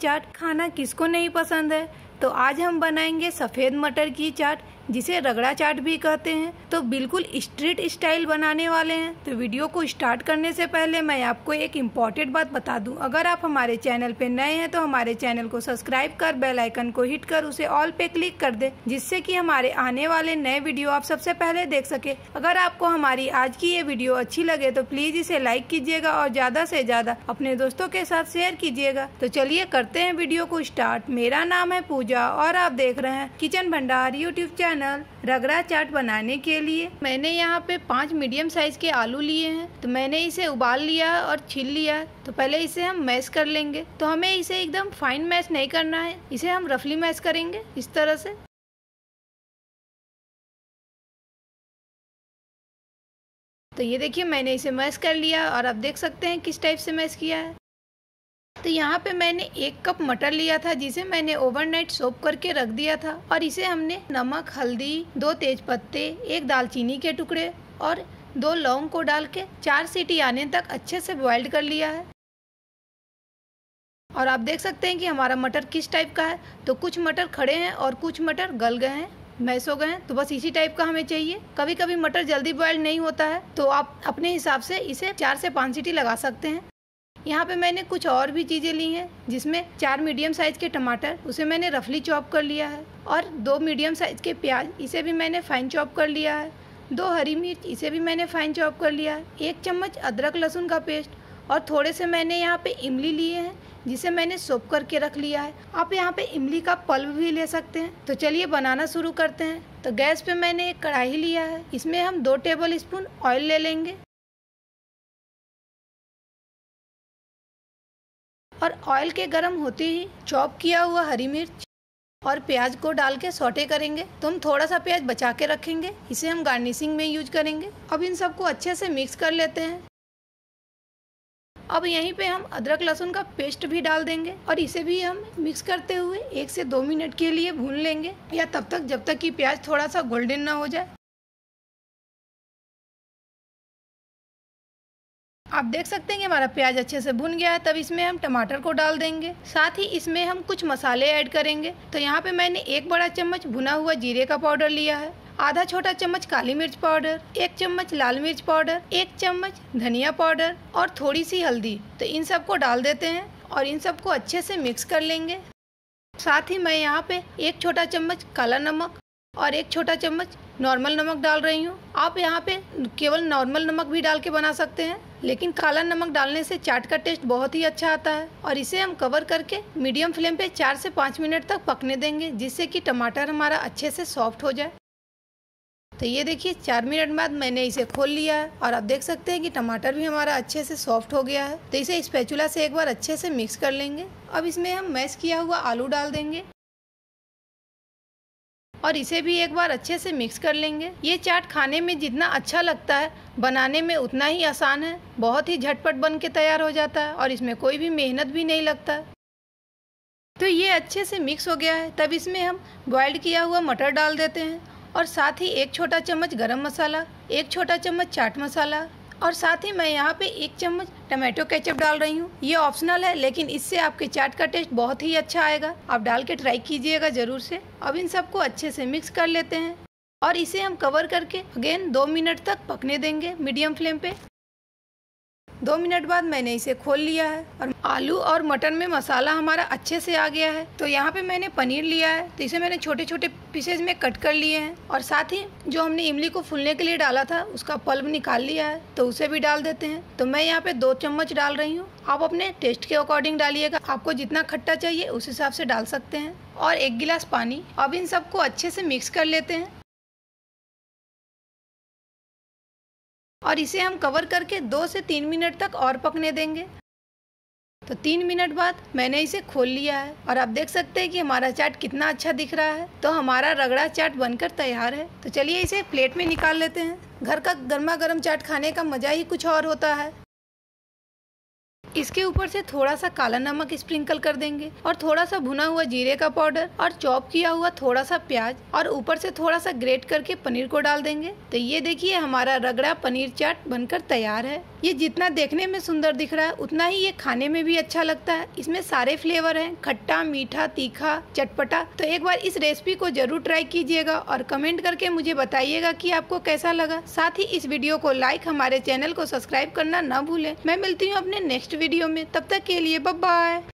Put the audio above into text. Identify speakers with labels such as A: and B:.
A: चाट खाना किसको नहीं पसंद है तो आज हम बनाएंगे सफ़ेद मटर की चाट जिसे रगड़ा चाट भी कहते हैं तो बिल्कुल स्ट्रीट स्टाइल बनाने वाले हैं तो वीडियो को स्टार्ट करने से पहले मैं आपको एक इम्पॉर्टेंट बात बता दूं अगर आप हमारे चैनल पे नए हैं तो हमारे चैनल को सब्सक्राइब कर बेल आइकन को हिट कर उसे ऑल पे क्लिक कर दे जिससे कि हमारे आने वाले नए वीडियो आप सबसे पहले देख सके अगर आपको हमारी आज की ये वीडियो अच्छी लगे तो प्लीज इसे लाइक कीजिएगा और ज्यादा ऐसी ज्यादा अपने दोस्तों के साथ शेयर कीजिएगा तो चलिए करते हैं वीडियो को स्टार्ट मेरा नाम है पूजा पूजा और आप देख रहे हैं किचन भंडार यूट्यूब चैनल रगड़ा चाट बनाने के लिए मैंने यहाँ पे पाँच मीडियम साइज के आलू लिए हैं तो मैंने इसे उबाल लिया और छील लिया तो पहले इसे हम मैश कर लेंगे तो हमें इसे एकदम फाइन मैश नहीं करना है इसे हम रफली मैश करेंगे इस तरह से
B: तो ये देखिए मैंने इसे मैश
A: कर लिया और आप देख सकते हैं किस टाइप से मैश किया है तो यहाँ पे मैंने एक कप मटर लिया था जिसे मैंने ओवरनाइट सोप करके रख दिया था और इसे हमने नमक हल्दी दो तेज पत्ते एक दालचीनी के टुकड़े और दो लौंग को डाल के चार सीटी आने तक अच्छे से बॉइल्ड कर लिया है और आप देख सकते हैं कि हमारा मटर किस टाइप का है तो कुछ मटर खड़े हैं और कुछ मटर गल गए हैं मैस हो गए हैं तो बस इसी टाइप का हमें चाहिए कभी कभी मटर जल्दी बॉयल नहीं होता है तो आप अपने हिसाब से इसे चार से पाँच सीटी लगा सकते हैं यहाँ पे मैंने कुछ और भी चीज़ें ली हैं जिसमें चार मीडियम साइज़ के टमाटर उसे मैंने रफली चॉप कर लिया है और दो मीडियम साइज़ के प्याज इसे भी मैंने फाइन चॉप कर लिया है दो हरी मिर्च इसे भी मैंने फाइन चॉप कर लिया है एक चम्मच अदरक लहसुन का पेस्ट और थोड़े से मैंने यहाँ पे इमली लिए हैं जिसे मैंने सोप करके रख लिया है आप यहाँ पे इमली का पल्व भी ले सकते हैं तो चलिए बनाना शुरू करते हैं तो गैस पे मैंने एक कढ़ाई लिया है इसमें हम दो टेबल स्पून ऑयल ले लेंगे
B: और ऑयल के गर्म होते
A: ही चॉप किया हुआ हरी मिर्च और प्याज को डाल के सोटे करेंगे तो हम थोड़ा सा प्याज बचा के रखेंगे इसे हम गार्निशिंग में यूज करेंगे अब इन सबको अच्छे से मिक्स कर लेते हैं अब यहीं पे हम अदरक लहसुन का पेस्ट भी डाल देंगे और इसे भी हम मिक्स करते हुए एक से दो मिनट के लिए भून लेंगे या तब तक जब तक कि प्याज थोड़ा
B: सा गोल्डन ना हो जाए
A: आप देख सकते हैं कि हमारा प्याज अच्छे से भुन गया है तब इसमें हम टमाटर को डाल देंगे साथ ही इसमें हम कुछ मसाले ऐड करेंगे तो यहाँ पे मैंने एक बड़ा चम्मच भुना हुआ जीरे का पाउडर लिया है आधा छोटा चम्मच काली मिर्च पाउडर एक चम्मच लाल मिर्च पाउडर एक चम्मच धनिया पाउडर और थोड़ी सी हल्दी तो इन सबको डाल देते हैं और इन सबको अच्छे से मिक्स कर लेंगे साथ ही मैं यहाँ पे एक छोटा चम्मच काला नमक और एक छोटा चम्मच नॉर्मल नमक डाल रही हूँ आप यहाँ पे केवल नॉर्मल नमक भी डाल के बना सकते हैं लेकिन काला नमक डालने से चाट का टेस्ट बहुत ही अच्छा आता है और इसे हम कवर करके मीडियम फ्लेम पे चार से पाँच मिनट तक पकने देंगे जिससे कि टमाटर हमारा अच्छे से सॉफ्ट हो जाए तो ये देखिए चार मिनट बाद मैंने इसे खोल लिया है और आप देख सकते हैं कि टमाटर भी हमारा अच्छे से सॉफ्ट हो गया है तो इसे स्पैचुला इस से एक बार अच्छे से मिक्स कर लेंगे अब इसमें हम मैश किया हुआ आलू डाल देंगे और इसे भी एक बार अच्छे से मिक्स कर लेंगे ये चाट खाने में जितना अच्छा लगता है बनाने में उतना ही आसान है बहुत ही झटपट बन के तैयार हो जाता है और इसमें कोई भी मेहनत भी नहीं लगता तो ये अच्छे से मिक्स हो गया है तब इसमें हम बॉयल्ड किया हुआ मटर डाल देते हैं और साथ ही एक छोटा चम्मच गरम मसाला एक छोटा चम्मच चाट मसाला और साथ ही मैं यहाँ पे एक चम्मच टमाटो केचप डाल रही हूँ ये ऑप्शनल है लेकिन इससे आपके चाट का टेस्ट बहुत ही अच्छा आएगा आप डाल के ट्राई कीजिएगा ज़रूर से अब इन सबको अच्छे से मिक्स कर लेते हैं और इसे हम कवर करके अगेन दो मिनट तक पकने देंगे मीडियम फ्लेम पे दो मिनट बाद मैंने इसे खोल लिया है और आलू और मटन में मसाला हमारा अच्छे से आ गया है तो यहाँ पे मैंने पनीर लिया है तो इसे मैंने छोटे छोटे पीसेज में कट कर लिए हैं और साथ ही जो हमने इमली को फूलने के लिए डाला था उसका पल्ब निकाल लिया है तो उसे भी डाल देते हैं तो मैं यहाँ पे दो चम्मच डाल रही हूँ आप अपने टेस्ट के अकॉर्डिंग डालिएगा आपको जितना खट्टा चाहिए उस हिसाब से डाल सकते हैं और एक गिलास पानी अब इन सबको अच्छे से मिक्स कर लेते हैं
B: और इसे हम कवर करके दो
A: से तीन मिनट तक और पकने देंगे तो तीन मिनट बाद मैंने इसे खोल लिया है और आप देख सकते हैं कि हमारा चाट कितना अच्छा दिख रहा है तो हमारा रगड़ा चाट बनकर तैयार है तो चलिए इसे प्लेट में निकाल लेते हैं घर का गर्मा गर्म चाट खाने का मज़ा ही कुछ और होता है इसके ऊपर से थोड़ा सा काला नमक स्प्रिंकल कर देंगे और थोड़ा सा भुना हुआ जीरे का पाउडर और चॉप किया हुआ थोड़ा सा प्याज और ऊपर से थोड़ा सा ग्रेट करके पनीर को डाल देंगे तो ये देखिए हमारा रगड़ा पनीर चाट बनकर तैयार है ये जितना देखने में सुंदर दिख रहा है उतना ही ये खाने में भी अच्छा लगता है इसमें सारे फ्लेवर है खट्टा मीठा तीखा चटपटा तो एक बार इस रेसिपी को जरूर ट्राई कीजिएगा और कमेंट करके मुझे बताइएगा की आपको कैसा लगा साथ ही इस वीडियो को लाइक हमारे चैनल को सब्सक्राइब करना न भूले मैं मिलती हूँ अपने नेक्स्ट वीडियो में तब तक के लिए बाय